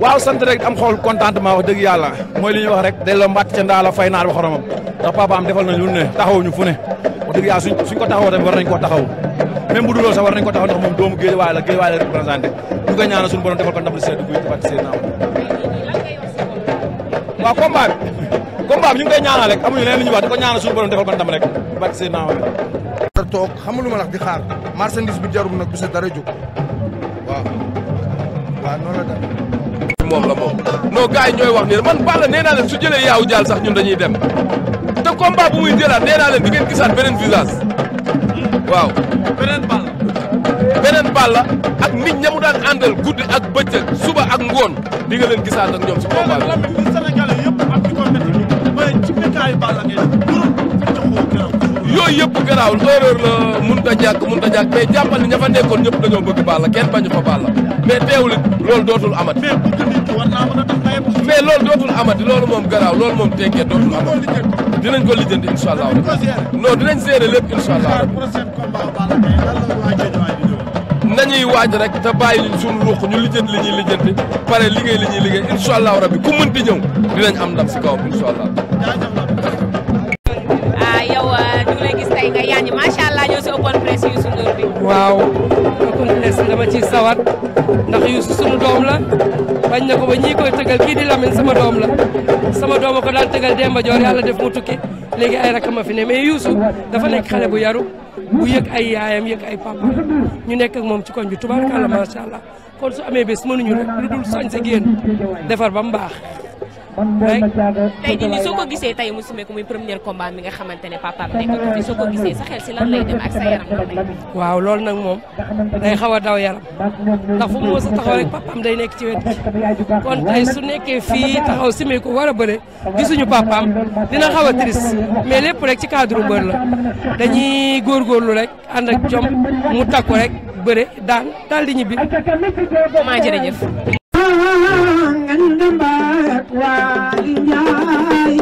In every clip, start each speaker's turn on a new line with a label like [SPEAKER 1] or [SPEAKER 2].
[SPEAKER 1] waaw sant rek am xool contentement wax dëgg yàlla mooy li ñuy wax rek delloo mbàtt ca a la fay naar ba xoromam ndax papaam defal nañ lu ne taxaw fu ne wax dëgg yàlla suñ suñ ko taxawoo war nañ ko taxaw même bu duloo sax war nañ ko taxaw ndax moom doomu géej waay la géej waay la représenté ñu ko ñaanal suñu borom defal ko ndam li sedd guy tafati seen naaw waaw ñu ngi koy ñaanal rek amuñu leen lu ñu wax di ko ñaanal suñu borom defal ko ndam rek tafati seen naaw
[SPEAKER 2] rek toog xamuluma di xaar marchandise bi jarum nag bu sa dara jóg waaw
[SPEAKER 3] waaw noonu
[SPEAKER 2] moom la moom non gars yi ñooy wax nii man Balla nee naa leen su jëlee yaaw jaal sax ñun dañuy dem te
[SPEAKER 1] combat bu muy jëlaat nee naa leen di ngeen
[SPEAKER 2] gisaat beneen visage waaw. beneen Balla. beneen Balla ak nit ña mu daan àndal guddi ak bëccëg suba ak ngoon di nga leen gisaat ak ñoom si combat yooyu yëpp garaawul erreur la mënut a jàkk mënut a jàkk mais jàppal ni ña nekkoon ñëpp dañoo bëgg Balla kenn bañu fa Balla mais teewul loolu dootul amati. mais bëgg nit ki war naa mën a tax maye ko. mais loolu dootul amati loolu moom garaaw loolu moom tekkee dootul amati. dinañ ko lijjanti incha allah. non dinañ gérer lépp incha allah. nañuy waaj rek te bàyyi suñu ruux ñu lijjanti li ñuy lijjanti pare liggéey li ñuy liggéey incha allah ku mënti ñëw am ndam si kawam incha allah.
[SPEAKER 4] yaa ngi macha allah ñoo si open press Youssou Ndour bi. waaw dama ciy sawar ndax Youssou sunu doom la bañ na ko ba ñii koy tëgal kii di Lamine sama doom la sama doom a ko daan tëgal Demba Joor yàlla def mu tukki
[SPEAKER 1] léegi ay rakama fi ne mais Youssou dafa nekk xale bu yaru u yëg ay yaayam yëg ay papa
[SPEAKER 4] ñu nekk ak moom ci koñ bi tubaarkàlla macha allah kon su amee bés mënuñu rek lu dul sañ sa génn defar ba mu baax. tey jii soo ko gisee tey mu sumee ko muy premier combat mi nga xamante ne papaam nekk soo ko gisee sa si lan lay dem ak sa yaram
[SPEAKER 1] waaw loolu nag moom day xaw a daw yaram ndax fu mu mës a taxaw rek papaam day nekk ci wet gi kon tey su nekkee fii taxaw sumee ko war a bëre gisuñu papaam dina xaw a triste mais lépp rek ci cadre mbër la góor góor lu rek ànd ak jom mu takku rek bëre daan daal di ñibbi. maa jërëjëf.
[SPEAKER 5] and the back while in the eye,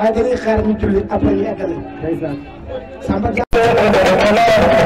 [SPEAKER 5] waaye dañuy xaar ñu julli après ñu eggale.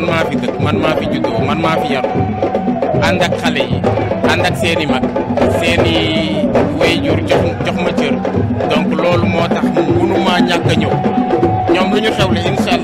[SPEAKER 1] man maa fi dëkk man maa fi juddoo man maa fi yaru ànd ak xale yi ànd ak seen i mag seen i waajur ma jox ma cër donc loolu moo tax mënu maa ñàkk a ñëw ñoom lu ñu xewle incha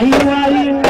[SPEAKER 5] ay waay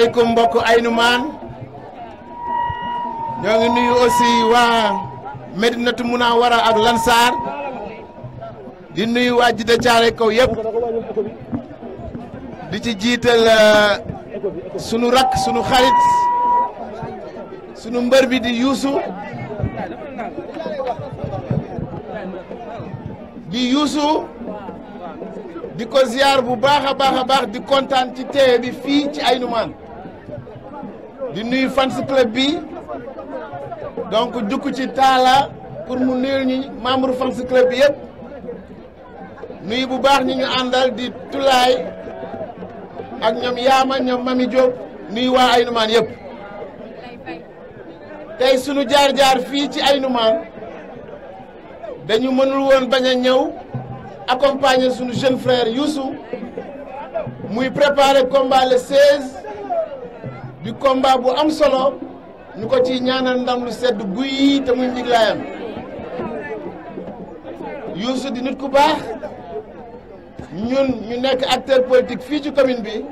[SPEAKER 6] asalaamaaleykum mbokk aynu maan ñoo ngi nuyu aussi waa Medinatu Munawara ak Lansar di nuyu waa Jidda Caare kaw yëpp di ci jiital euh, sunu rakk sunu xarit sunu mbër bi di yuusu di yuusu di ko ziar bu baaxa a baax a di kontaan ci teewe bi fii ci ay Aynoumane di nuyu fans club bi donc jukku ci taala pour mu nuyu ñu membre fans club bi yëpp nuyu bu baax ñi ñu àndal di tulaay ak ñoom yaama ñoom mami Diop nuyu waa Aynoumane yëpp tey sunu jaar-jaar fii ci ay Aynoumane dañu mënul woon bañ a ñëw accompagner suñu jeune frère Youssou muy préparer combat di combat bu am solo ñu ko ci ñaanal ndam lu sedd guyi te muy njiglaayam Youssou di nit ku baax ñun ñu nekk acteur politique fii ci commune bi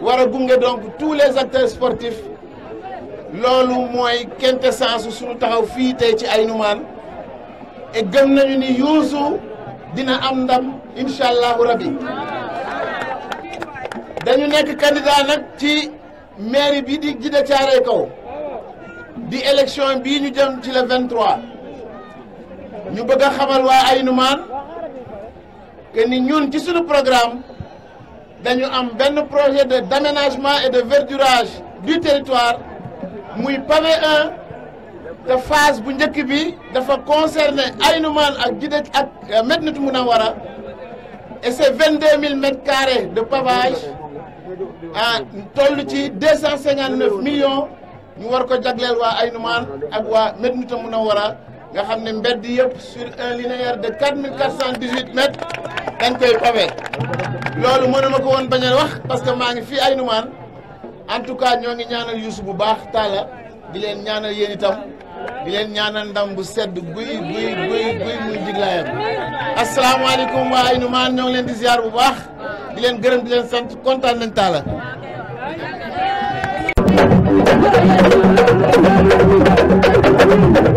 [SPEAKER 6] war gunge donc tous les acteurs sportifs loolu mooy quintessence suñu taxaw fii tey ci Ainoumane et gëm nañu ni Youssou dina am ndam incha allahu rabi dañu nekk candidat nag ci mairie bi di Djiddah Thiaroye Kaw di élection bii ñu jëm ci la 23 ñu bëgg a xamal waa Aïnoumane que ni ñun ci suñu programme dañu am benn projet de d'aménagement et de verdurage du territoire muy pavé 1 te phase bu njëkk bi dafa concerné Aïnoumane ak Djiddah ak euh, Médinatoul Mounawara et c'est 22 000 mètres carrés de pavage ah toll ci deux cent cinquante neuf millions ñu war ko jagleel waa Aynoumane ak waa Medinatu Munawwara nga xam ne mbedd yëpp sur un linéaire de quatre mille quatre cent dix huit mètres dañ koy pavé loolu a ko woon bañ wax parce que maa ngi fii Aynoumane en tout cas ñoo ngi ñaanal Youssou bu baax taala di leen ñaanal yéen itam di leen ñaana ndam bu sedd guy guy guy guy muy jiglaayam
[SPEAKER 5] asalaamaaleykum
[SPEAKER 6] waa Aynoumane ñoo ngi leen di ziar bu baax di leen gërëm di sant kontaan nañ taala Thank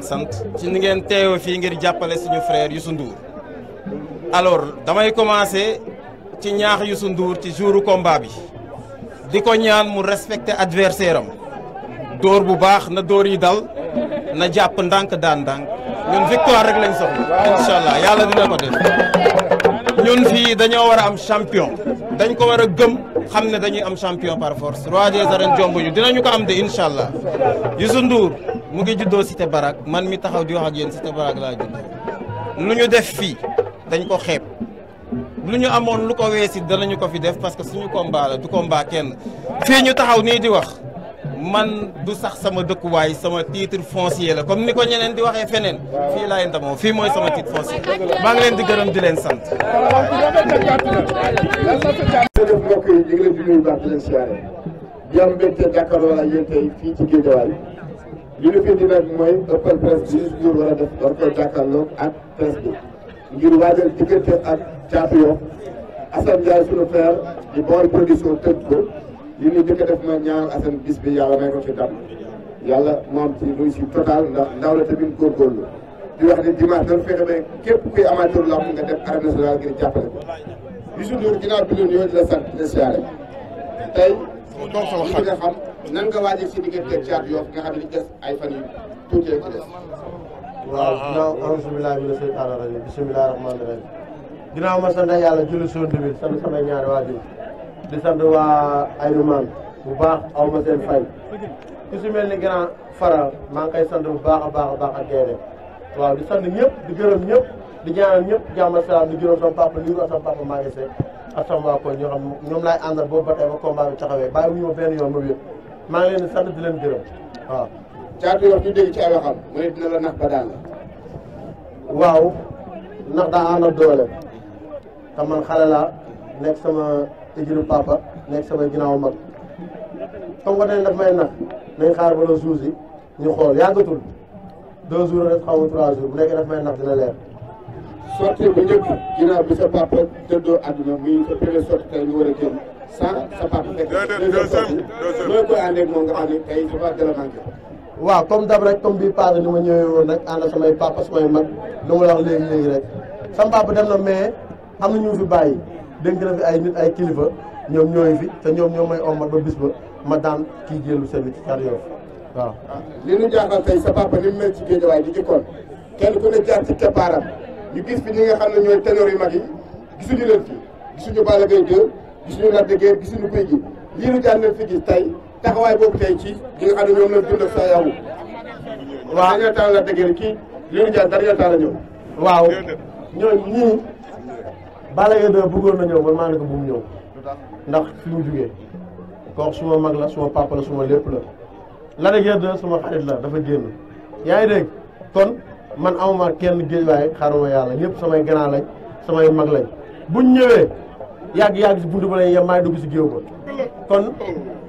[SPEAKER 3] leen sant ci ni ngeen teewe fii ngir jàppale suñu frère Youssou Ndour alors damay commencer ci ñaax yu su Ndour ci jouru combat bi di ko ñaan mu respecter adversaire am dóor bu baax na door yi dal na jàpp ndànk daan ndànk ñun victoire rek lañ soxla incha allah yàlla dina ko def ñun fii dañoo war a am champion dañ ko war a gëm xam ne dañuy am champion par force roi des arènes jomb ñu ko am de incha allah Youssou Ndour mu ngi juddoo te Barak man mi taxaw di wax ak yéen Cité Barak laa juddoo lu ñu def fii dañ ko xeeb lu ñu amoon lu ko weesi danañu ko fi def parce que suñu combat la du combat kenn fii ñu taxaw nii di wax man du sax sama dëkkuwaay sama titre foncier la comme ni ko ñeneen di waxee feneen fii laay ndamoo fii mooy sama titre foncier maa ngi leen di gërëm di leen sant
[SPEAKER 2] jërëjëf mbokk fii ci Guédiawaay li ñu fi indi nag mooy ëppal presse bi ngir war a def war koy jàkkaarloog ak presse bi ngir waajal diggante ak caatu Yoff Assane Ndiaye def mooy ñaan Assane bis bi yàlla may ko fi dam yàlla moom ci muy si total ndax ndaw la góor góorgóorlu di wax ne dimanche dañu fexe ba képp kuy amateur la am nga def arène nationale ngir jàppale ko. bisu Ndour ginnaaw bi ñu ñëw di sant di la tey. toog sama xel nga xam nan nga waajal si diggante ak Thiatou Yoff nga xam ne des ay fan yu tuuti ci des.
[SPEAKER 5] waaw
[SPEAKER 3] ginnaaw auzu billaahi mina seytaani rajiim bismillaahi rahmaani rahiim ginnaaw ma sant yàlla julli suñu bi sant samay ñaari waajur di sant waa Aynu Maam bu baax aw ma seen fay ku si mel ni grand faral maa ngi koy sant bu baax a baax a baax ak gaynde waaw di sant ñëpp di gërëm ñëpp di ñaanal ñëpp jàmm salaam di gërëm sama papa li nga sama papa maa ngi seet ak sama waa koñ ñoo xam ñoom laay àndal boobu ba tey ba combat bi taxawee bàyyi wuñu ma benn yoon ma wér maa ngi leen di sant di leen gërëm waaw. caatu yoon ñu dégg ci ay waxam mu ne dina la nax ba daan la. waaw ndax daa ànd ak doole te man xale laa nekk sama éjiru papa nekk sama ginnaaw mag comme que dañ daf may nax nañ xaar ba le jour yi ñu xool yàggatul deux jours rek xaw ma trois jours bu nekkee daf may nax dina leer.
[SPEAKER 2] sortie bu njëkk ginnaaw bi sa papa tëddoo àdduna sa a génn sans sa papa fekk deuxième sortie loo a
[SPEAKER 3] manqué comme dab rek comme ma ñëwee woon rek ànd ak samay papa samay mag lu ma la wax léegi léegi dem na mais am na ñu fi bàyyi dénk na fi ay nit ay kilifa ñoom ñooy fi te ñoom ñoo may omat ba bis ba ma daan kii jëlu seli ci kar yoof waaw ah,
[SPEAKER 2] li ñu jaaxal tey sa papa ni mu mel ci géej waaye di jikkoon kenn ku ne jaar ci keppaaram ñu gis fi ñi nga xam ne ñooy ténor yu mag yi gisuñu leen fi gisuñu Balla Gaye 2 gisuñu Lac de Guiers gisuñu Gouye Gui lii nu jànn fi gis tey taxawaay boobu tey ci ñi nga xam ne ñoom lañ dund ak sa yawu waaw dernier temps Lac
[SPEAKER 3] de na ñëw man maa ne bu ñëw ndax fi mu jugee kooku suma mag la suma papa la suma lépp la Lac de Guiers suma xarit la dafa génn yaa dégg kon man amuma kenn géejuwaay xaruma yàlla yépp samay grand lañ samay mag lañ bu ñëwee yàgg-yàgg si buntu ba lañ yem dugg si géew ba kon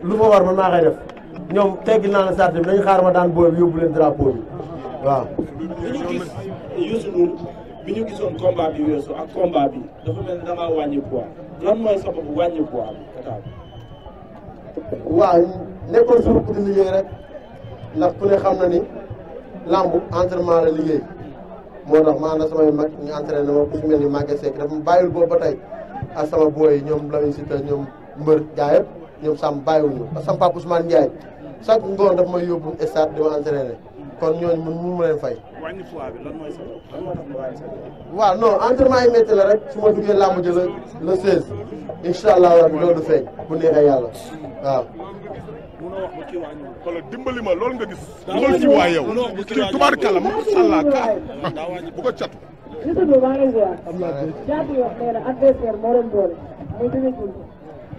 [SPEAKER 3] lu fa war ma maa koy def ñoom teggil naa ne sart bi dañ xaar ma daan booy bi yóbbu leen drapeau bi waaw
[SPEAKER 5] bi ñu gis
[SPEAKER 2] Youssou bi ñu gisoon combat bi weesu ak combat bi dafa mel ne dangaa wàññi poids
[SPEAKER 3] lan mooy sababu wàññi poids bi waaw nekkoon suñu pour liggéey rek ndax ku ne xam na ni làmb entraînement la liggéey moo tax maanaam samay mag ñu entraîné ma ku ci mel ni Maguette Seck dafa bàyyil boobu ba tey ak sama booy ñoom Lamine Sita ñoom Mbër Jaayëp ñoom Sam bàyyiwuñu ak sama papa Ousmane Ndiaye chaque ngoon daf may yóbbu stade di ma entraîné kon ñooñu mun mun leen fay. wàññi poids bi sa lan moo tax nga wàññi sa waaw non yi métti la rek su ma duggee làmb jël le 16
[SPEAKER 2] incha allah loolu du feeñ bu neexee yàlla waaw.
[SPEAKER 7] wala dimbali ma loolu nga gis. dugal ci waa yow kii tubaarkàlla ma ko sàllaa kaa bu ko catu.
[SPEAKER 5] surtout bi maa ngi wax. am naa dégg jàpp wax nee na adversaire moo doon doole muy dina gul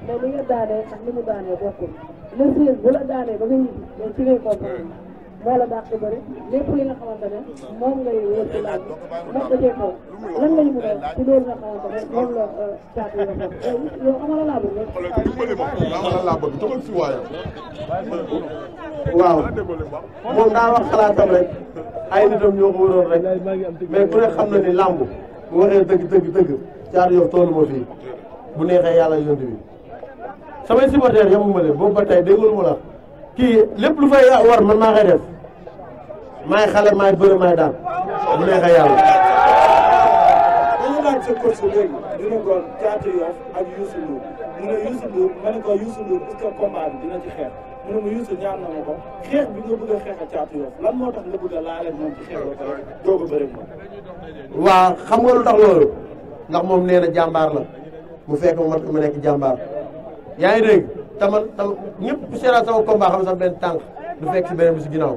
[SPEAKER 5] mais li nga daanee ak li mu daanee bokkul le bu la daanee ba nga ñibbi mais ci moo la dàq bëri lépp li nga xamante ne moom a ci loolu nga xamante
[SPEAKER 3] waaw moom daa wax xalaatam rek ay nitam ñoo ko rek mais ku ne xam na ni làmb bu waxee dëgg dëgg dëgg caatu yow toolu fii bu neexee yàlla yónni bi samay supporters yamuma leen boobu ba tey déggul ma la kii lépp lu fay war man maa koy def maay xale may bëre maay daan bu
[SPEAKER 2] neexee yàlla.
[SPEAKER 5] dañu naan sa coach léegi dina ko Thiatou Yoff
[SPEAKER 2] ak Youssou Ndour mu ne Youssou Ndour ma ne ko Youssou Ndour est-ce que bi dina ci xeex mu ne ma Youssou ñaan na ma ko xeex bi nga bëgg xeex ak Thiatou Yoff lan moo tax nga bëgg a laale moom ci xeex ba ko bëri
[SPEAKER 3] moom. waaw xam nga lu tax loolu ndax moom nee jàmbaar la mu fekk mu mat ko mu nekk jàmbaar yaa ngi dégg te man tam ñëpp bu xam sax benn tànk du fekk si beneen ginnaaw.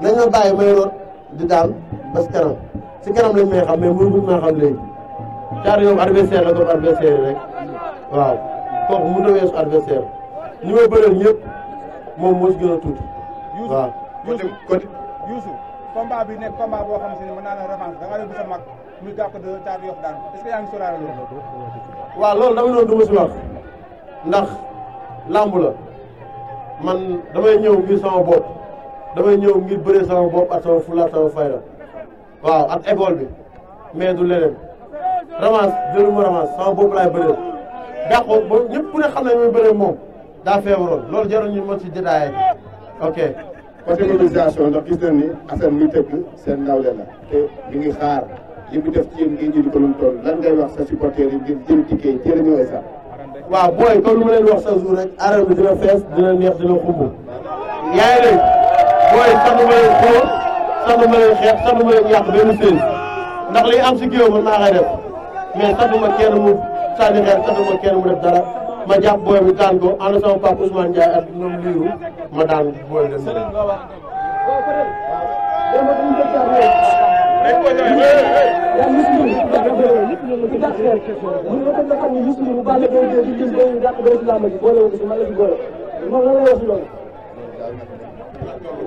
[SPEAKER 3] nañ ma bàyyi may root di daan ba si kanam si kanam lañ may xam mais mënuñu maa xam léegi caatu yow adversaire la comme adversaire rek waaw kooku mu mënut a weesu adversaire ñi may bëreel ñëpp moom moo si gën a tuuti. waaw côté côté.
[SPEAKER 2] Youssou combat bi nekk combat boo xam si ne mën naa la
[SPEAKER 3] du ma si wax ndax làmb la man damay ñëw ngir sama bopp. damay ñëw ngir bëree sama bopp ak sama fulla sama fayda waaw ak école bi mais du leneen ramas jëlu ma ramas sama bopp laay bëree gàqoo ba ñëpp ku ne xam ne muy bëree moom daa feebaroon loolu jarul ñu mën ci détaillé ok catégorisation
[SPEAKER 2] ndax gis nañ ni Assane mi tëgg seen nawle la te mi ngi xaar li mu def ci yéen ngeen jël ko lu toll lan ngay wax sa supporter yi ngir jël ticket sax
[SPEAKER 3] waaw booy comme lu ma leen wax sa jour rek arène bi dina fees mooy sànni ma leen xool sànni ma leen xeex yàq benn séen ndax li am si géew man maa koy def kenn mu sànni xeer sànni kenn mu def dara ma jàpp booy bi daan ko ànd sama papa Ousmane Ndiaye ak ñoom liiru ma daan booy dem
[SPEAKER 5] dem.
[SPEAKER 7] waaw.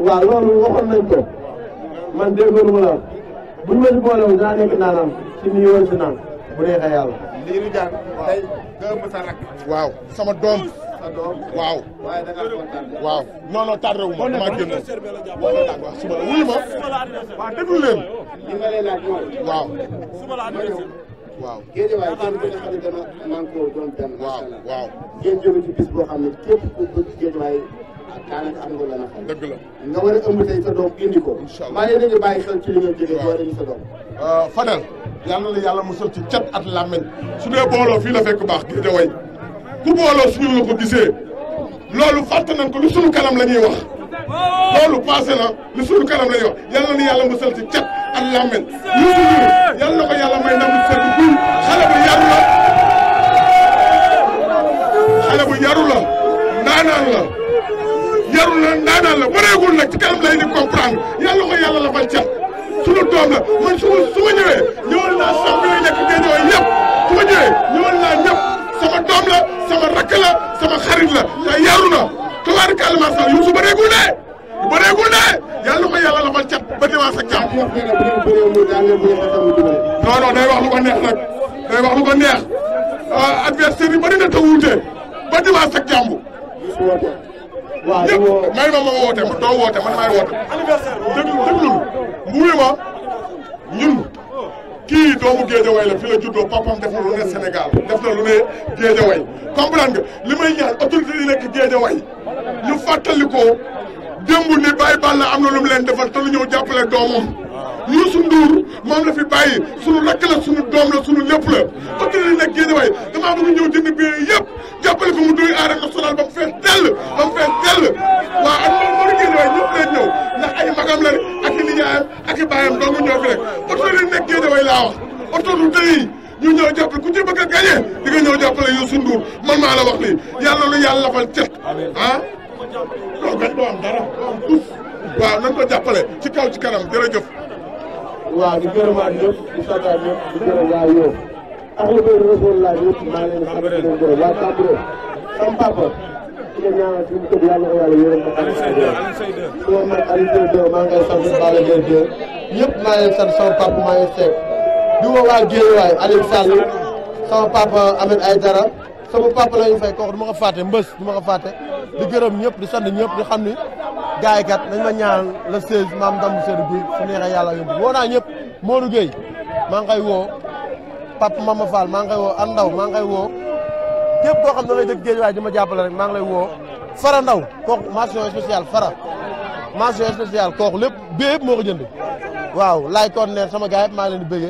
[SPEAKER 3] waaw loolu waxoon nañ ko man déggoonu ma la bu ñu ma si boole woon dinaa naanam si nii si naan bu neexee yàlla.
[SPEAKER 2] lii ñu jàng tey
[SPEAKER 7] gëm sa rak.
[SPEAKER 3] waaw sama doom.
[SPEAKER 7] sa doom waaw. waaye da ma damaa waaw suba
[SPEAKER 3] la wuyu ma. waaw déglu leen. li nga lay laaj xam ne dana boo
[SPEAKER 2] xam ne képp ku bëgg géej daanaka am nga la naqari. dëgg la nga war a ëmb tey sa doom indi ko. incha allah maa ngi leen di bàyyi xel ci li nga jógee boo indi sa doom.
[SPEAKER 7] Euh, Fadel yal na la yàlla musal ci cat at làmmeñ su dee booloo fii la fekk baax gis nga way ku booloo suñu la ko gisee loolu fàtte nañ ko lu sunu kanam la ñuy wax loolu passé na lu sunu kanam la ñuy wax yal na ni yàlla musal ci cat at làmmeñ lu sunu yal na ko yàlla may ndam sedd guy xale bu yaru la xale bu yaru la ndaanaan la. moom la ndaanaan la wareegul nag ci kanam lay di comprendre yàlla ko yàlla la fal cat sunu doom la man su ma su ma ñëwee ñëwal naa sàmm yooyu nekk géejoo yëpp su ma ñëwee ñëwal naa ñëpp sama doom la sama rakk sama xarit la te yaru na tubaar kàlla maa sax yuusu bareegul dee bareegul dee yàlla ko yàlla la fal cat ba dimanche ak jàmm. non non day wax lu ko neex nag day wax lu ko neex ah adversaire yi bëri na te wuute ba dimanche ak jàmm. waaw di woo ñëpp may ma ma woote ma doo woote man maay woote. anniversaire déglu déglu wuyu ma ñun kii doomu Géejawaay la fi la juddoo papam def na lu ne Sénégal def lu ne Géejawaay comprendre nga li may ñaan autorité yi nekk Géejawaay ñu fàttali ko démb ni Baye Balla am na lu mu leen defal te lu ñëw jàppale doomam Youssou Ndour. moom la fi bàyyi sunu rakk la sunu doom la sunu lépp la bëgg nañ nag génn waay damaa bëgg ñëw jënd bi yëpp jàppale ko mu doy aada ba mu fees ba mu fees dell waaw ak moom moo génn waay ñëpp leen ñëw ndax ay magam la rek ak i nijaayam ak i baayam dong ñoo fi rek oto li laa wax oto du tey ñu ñëw jàppale ku ci bëgg a gagné di nga ñëw jàppale Youssou maa la wax lii yàlla lu yàlla lafal cet ah doo gañ doo am ko jàppale ci kaw ci kanam jërëjëf waaw di
[SPEAKER 3] gërëmaat ñëpp di santaat maa ngi leen di sant di leen gërëm waa yàlla na ko yàlla yërëm ma mag Aliou Seye Diop maa ngi lay sant Balla Gaye 2 ñëpp sama papa maa ngi seet di woo waa Guédiawaye Aliou Sall sama papa Ahmed Aïdara sama papa la ñu fay kooku du ma ko fàtte mbës du ma ko fàtte di gërëm ñëpp di sant ñëpp di xam ni gars yi kat nañ ma ñaan la 16 maam Ndambu Seydou Guèye su neexee yàlla yóbbu woo naa ñëpp Modou Guèye maa ngi koy woo papa Mama Fall maa ngi koy woo Andaw maa ngi koy woo képp ko xam ne ngay dëgg géej waaye di ma jàppale rek maa ngi lay woo Fara Ndaw kooku mention spéciale Fara mention spéciale kooku lépp bee yëpp moo ko jënd waaw laay kon ne sama gars yëpp maa ngi leen di bëggee.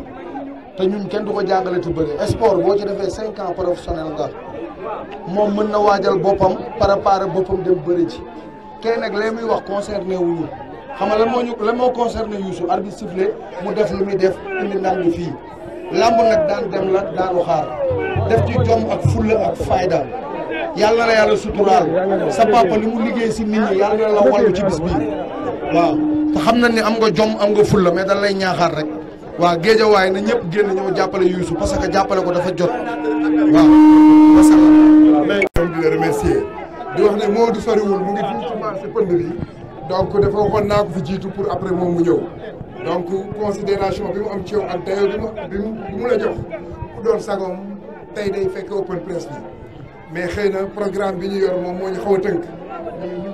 [SPEAKER 2] te ñun kenn du ko jàngale te bëre sport boo ci defee
[SPEAKER 3] cinq ans professionnel nga
[SPEAKER 2] moom mën na waajal boppam préparer boppam dem bëri ji kay nag lee muy wax concerné wu ñu xam nga lan moo ñu lan moo concerné Youssou arbitre sifflé mu def lu muy def indi ndam bi fii làmb nag daan dem la daanu xaar def ci jom ak fulla ak fayda yàlla na yàlla suturaal sa papa li mu liggéey si nit ñi yàlla na la wallu ci bis bii waaw te xam na ni am nga jom am nga fulla mais dañ lay ñaaxaar rek waaw waaye na ñëpp génn ñoo jàppale Youssou parce que jàppale ko dafa jot waaw
[SPEAKER 5] parce que di la remercier
[SPEAKER 2] di wax ne moo du soriwul mu ngi fii ci marché pënd bi donc dafa waxoon naa ko fi jiitu pour après moom mu ñëw donc considération bi mu am ci yow ak dayo bi ma bi mu la jox ku doon sagoom tey day fekk open press bi mais xëy na programme bi ñu yor moom moo ñu xaw a tënk mais ñu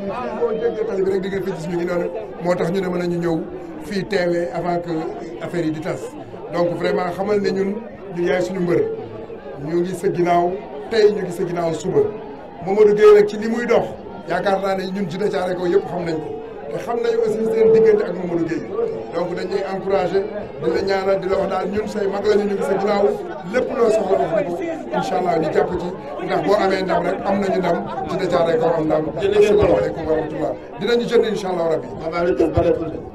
[SPEAKER 2] ngi fii moo tax ñu ne mën ñu ñëw fii teewee avant que affaire yi di tas donc vraiment xamal ne ñun ñu yaay suñu mbër ñu ngi sa ginnaaw tey ñu ngi sa ginnaaw suba Mamadou Gueye nag ci li muy dox yaakaar naa ne ñun Djidah Thiaroye Kaw yëpp xam nañ ko te xam nañu aussi seen diggante ak Mamadou Gueye donc dañuy encouragé di la di la daal mag la ñu ñu ngi sa ginnaaw lépp loo soxla wax na ko incha allah ñu jàpp ci ndax boo amee ndax rek am na nañu ndam Djidah Thiaroye Kaw am ndam. dinañ leen ko asalaamaaleykum wa rahmatulah dinañu jënd incha allah rabi.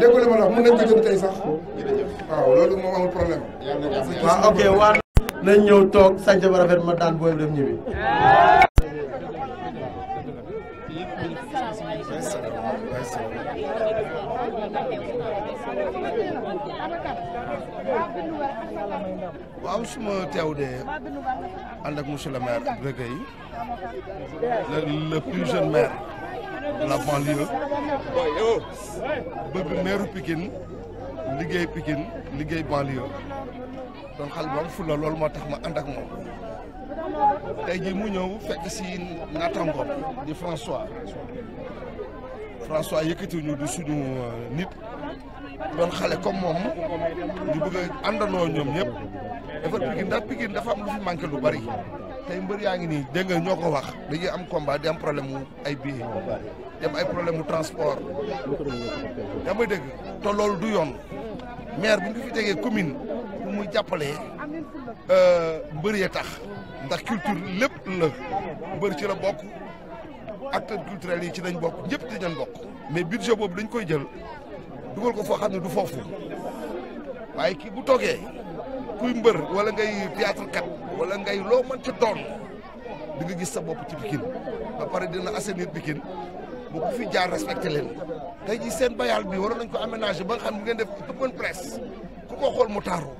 [SPEAKER 2] dégg nga li ma la wax mën nañ ko jënd tey sax waaw loolu moom amul problème. waaw ah, ok waa nañ ñëw toog sànq
[SPEAKER 3] ba rafet ma daan booy dem ñibbi.
[SPEAKER 5] waaw su ma teew de ànd ak monsieur le maire Regueil le plus jeune maire. la banlieue bëgg meeru
[SPEAKER 2] Pikine liggéey Pikine liggéey banlieue doon xal bu am fulla loolu moo tax ma ànd ak moom tey jii mu ñëw fekk si naataangoom di François François yëkkatiwuñu du suñu euh, nit doon xale comme moom ñu bëgg a àndandoo ñoom ñëpp defar Pikine ndax Pikine dafa am lu fi manqué lu bari tey mbër yaa ngi nii dégg nga ñoo ko wax dañuy am combat di am problème mu ay billets di am ay problème mu transport dama may dégg loolu du yoon maire bu ñu fi tegee commune bu muy jàppalee euh, mbër ya tax ndax culture lépp la mbër ci la bokk acteurs culturels yi ci lañ bokk ñëpp ci lañ bokk mais budget boobu dañ koy jël dugal ko foo xam ne du foofu waaye kii bu toogee kuy mbër wala ngay théâtre kat wala ngay loo mënti doon di nga gis sa bopp ci Pikine ba pare dina assainir Pikine bu ko fi jaar respecté leen tey jii seen bayal bi waroon nañ ko aménager ba nga xam ne ngeen def open press ku ko xool mu taaru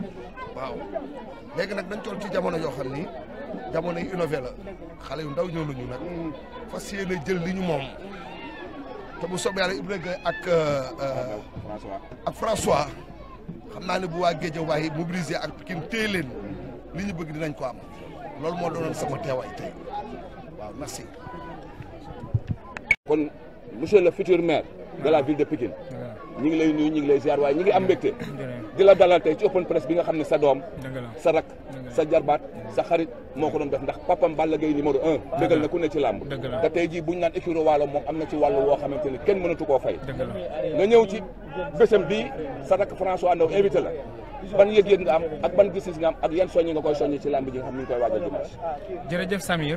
[SPEAKER 2] waaw léegi nag dañ toll ci jamono yoo xam ni jamono yi innové la xale yu ndaw ñëw ñu nag fas na jël li ñu moom te bu soobee yàlla Ibrahima ak euh, euh, ak François xam naa ne bu waa waaye mobiliser ak Pikine téye leen li ñu bëgg dinañ ko am loolu moo doonoon sama teewaay tey waaw merci. kon monsieur le futur maire. de la ville de Pikine ñi ngi lay nuyu ñi ngi lay ziar waaye ñi ngi am mbégte di la dalal tey ci open press bi nga xam ne sa doom sa rak sa jarbaat sa xarit moo ko doon def ndax papam Balla Gaye numéro un dëggal na ku ne ci làmb te tey jii buñ naan écurie Waalo moom am na ci wàll woo xamante ni kenn mënatu koo fay nga ñëw ci bésam bi sa rak François Ndaw invité la ban yëg-yëg nga am ak ban gis-gis nga am ak yan soññi nga koy soññi ci làmb ji nga
[SPEAKER 1] xam ni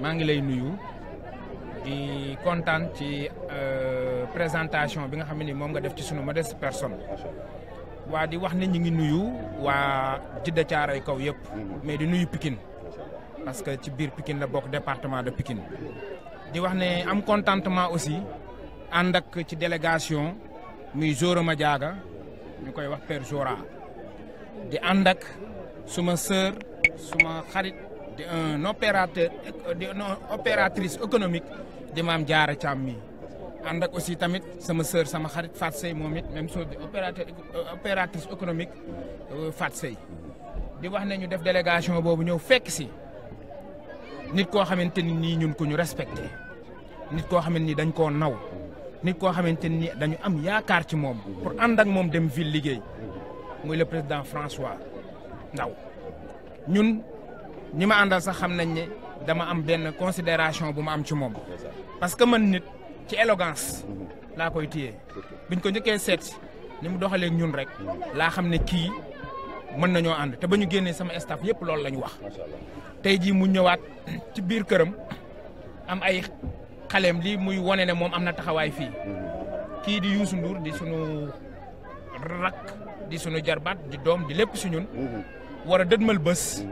[SPEAKER 1] maa ngi lay nuyu kontaan ci euh, présentation bi nga xam ne moom nga def ci sunu modeste personne waa di wax ne ñu ngi nuyu waa Jidda Caaray kaw yëpp mais di nuyu Pikine parce que ci biir Pikine la bokk département de Pikine di wax ne am contentement aussi ànd ak ci délégation muy ma Madiaga ñu koy wax Père Zora di ànd ak suma sœur suma xarit di un opérateur di une opératrice économique di Maam Jaara Caam mi ànd ak aussi tamit sama sœur sama xarit Fat Sey moom it même chose di opérateur opératrice économique euh, Fat Sey di wax ne ñu def délégation boobu ñëw fekk si nit koo xamante ni nii ñun ku ñu respecte nit koo xamante ni dañ koo naw nit koo xamante ni dañu am yaakaar ci moom pour ànd ak moom dem ville liggéey muy le président François Ndaw ñun ñi ma àndal sax xam nañ ne dama am benn considération bu ma am ci moom parce que nit ci élégance laa koy téye biñ ko njëkkee seet ni mu doxalee ñun rek laa xam ne kii mën nañoo ànd te ba ñu génnee sama staff yëpp loolu la ñu wax tey jii mu ñëwaat ci biir këram am ay xaleem lii muy wane ne moom am na taxawaay fii kii di Youssou Ndour di sunu rakk di sunu jarbaat di doom di lépp si ñun war a dëdmal bés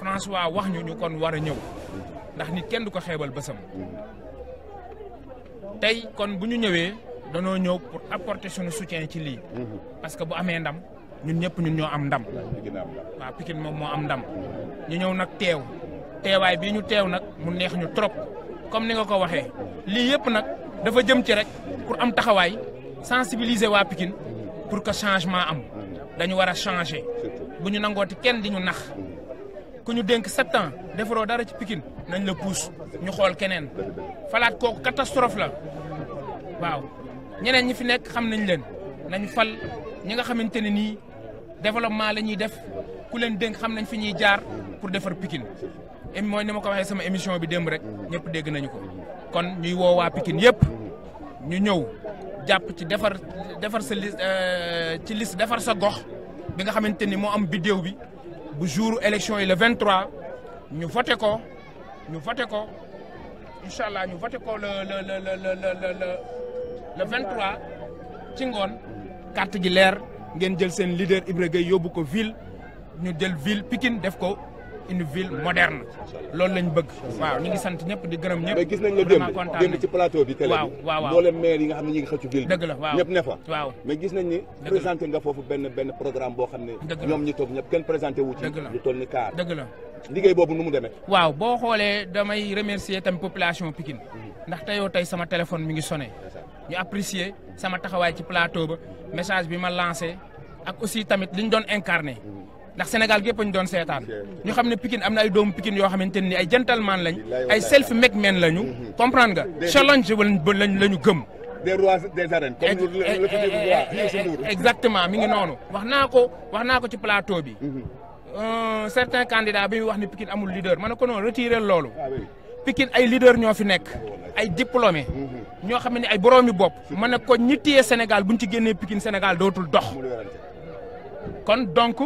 [SPEAKER 1] François wax ñu ñu kon war a ñëw ndax nit kenn du ko xeebal bésam tey kon bu ñu ñëwee danoo ñëw pour apporter suñu soutien ci lii. Mhm. parce que bu amee ndam ñun ñëpp ñun ñoo am ndam. waaw Pikine moom moo am ndam. ñu ñëw nag teew teewaay bii ñu teew nag mu neex ñu trop comme ni nga ko waxee lii yëpp nag dafa jëm ci rek pour am taxawaay sensibiliser waa Pikine pour que changement am mhm. dañu war a changer bu ñu nangooti kenn di ñu nax. Mhm. ku ñu dénk sept ans defaroo dara ci Pikine nañ la puus ñu xool keneen falaat kooku catastrophe la waaw ñeneen ñi fi nekk xam nañ leen nañu fal ñi nga xamante ne nii développement la ñuy def ku leen dénk xam nañ fi ñuy jaar pour defar pikin et mooy ni ma ko waxee sama émission bi démb rek ñëpp dégg nañu ko kon ñuy woo waa Pikine yëpp ñu ñëw jàpp ci defar defar sa liste euh, ci liste defar sa gox bi nga xamante ni moo am biddéew bi. bu jour élection yi le 23 ñu vote ko ñu vote ko incha allah ñu vote ko le le le le le le le ci ngoon carte gi leer ngeen jël seen lider Ibra Gueye yóbbu ko ville ñu jël ville Pikine def ko. une ville moderne loolu lañ bëgg. waaw ñu ngi sant ñëpp di gërëm ñëpp. mais gis nañ la démb démb ci
[SPEAKER 2] plateau bi. télé bi mboolem maire yi nga xam ne ñu ngi ville bi. dëgg ne fa.
[SPEAKER 1] waaw gis nañ ni.
[SPEAKER 2] présenté nga foofu benn benn programme boo xam ne. ñoom ñi toog ñëpp kenn présenté wu ci. lu toll ni kaar dëgg la. liggéey boobu nu mu demee.
[SPEAKER 1] waaw boo xoolee damay remercier tam population Pikine mhm. ndax teyoo tey sama téléphone mu ngi sonné ñu apprécier sama taxawaay ci plateau ba message bi ma lancé ak aussi tamit li ñu doon incarné mhm. ndax Sénégal gépp ñu doon seetaan ñu xam ne Pikine am na ay doomu Pikine yoo xamante ne ay gentleman lañ ay self made men lañu mm-hmm. comprendre nga challenge lañ lañu gëm. des rois des arènes comme eh, eh, eh, exactement mi ngi noonu. wax naa ko wax naa ko ci palaato bi. Mm-hmm. Euh, certain candidat bi muy wax ne Pikine amul leader ma ne ko noonu retiré loolu. Ah Pikine ay leader ñoo fi nekk ay diplômé mm-hmm. ñoo xam ne ay boroomi bopp ma ne ko ñi téye bu ñu ci génnee pikin Sénégal dootul dox kon donc.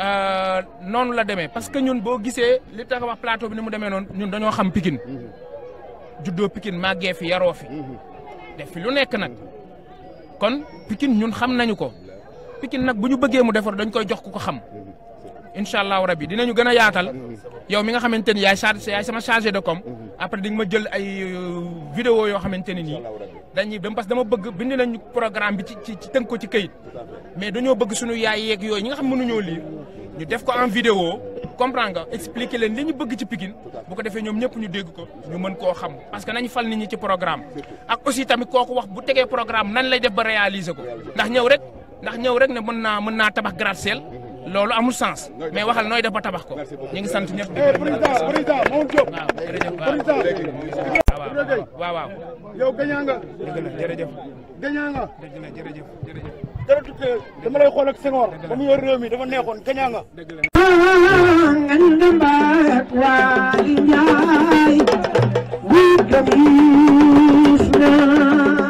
[SPEAKER 1] Euh, noonu la demee parce que ñun boo gisee li tax wax plateau bi ni mu demee noon ñun dañoo xam Pikine juddoo Pikine màggee fi yaroo fi def fi lu nekk nag kon Pikine ñun xam nañu ko Pikine nag bu ñu bëggee mu defar dañ koy jox ku ko xam incha allahu rabi dinañu gën a yaatal yow mi nga xamante ni yaay chargé yaay sama chargé de com après di ma jël ay euh, vidéo yoo xamante ne nii dañuy dem parce que dama bëgg bind nañu programme bi ci ci tënk ko ci këyit mais dañoo bëgg suñu yaay yeeg yooyu ñi nga xam mënuñoo lire ñu def ko en vidéo comprendre nga expliquer leen li ñu bëgg ci Pikine bu ko defee ñoom ñëpp ñu dégg ko ñu mën koo xam parce que nañ fal ni ñi ci programme ak aussi tamit kooku wax bu tegee programme nan lay def ba réaliser ko ndax ñëw rek ndax ñëw rek ne mën naa mën naa tabax gratte loolu amul sens mais waxal nooy def ba tabax ko ñu ngi sant ñëpp. président président
[SPEAKER 6] moom Diop. waaw
[SPEAKER 1] waaw waaw. yow gañaa nga. dëgg la jërëjëf. gañaa nga. dëgg la jërëjëf jërëjëf.
[SPEAKER 7] jërëjëf dama lay xool ak Senghor. ba mu yor réew mi dafa neexoon gañaa nga. dëgg la.
[SPEAKER 5] waa
[SPEAKER 4] Ndiaye.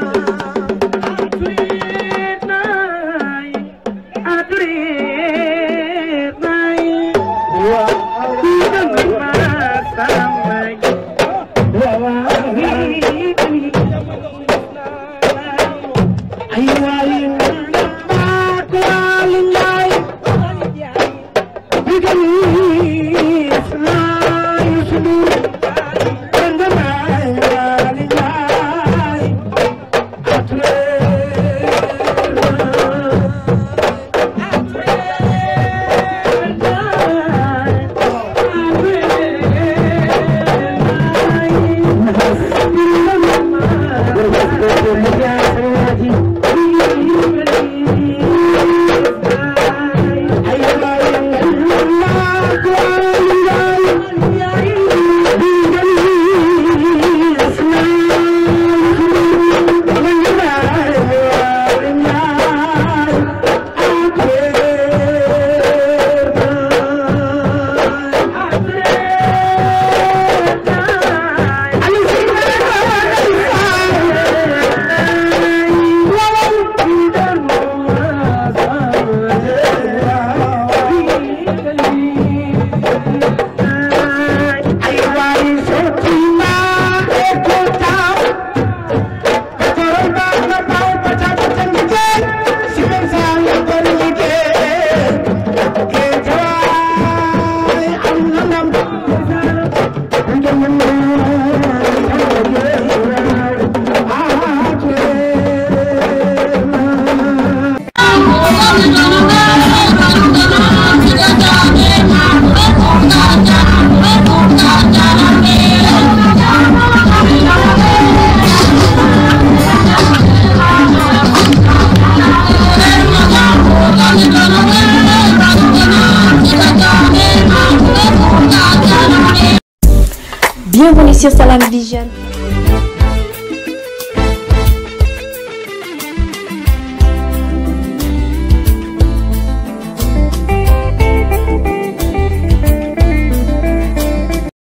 [SPEAKER 4] sur Salam Vision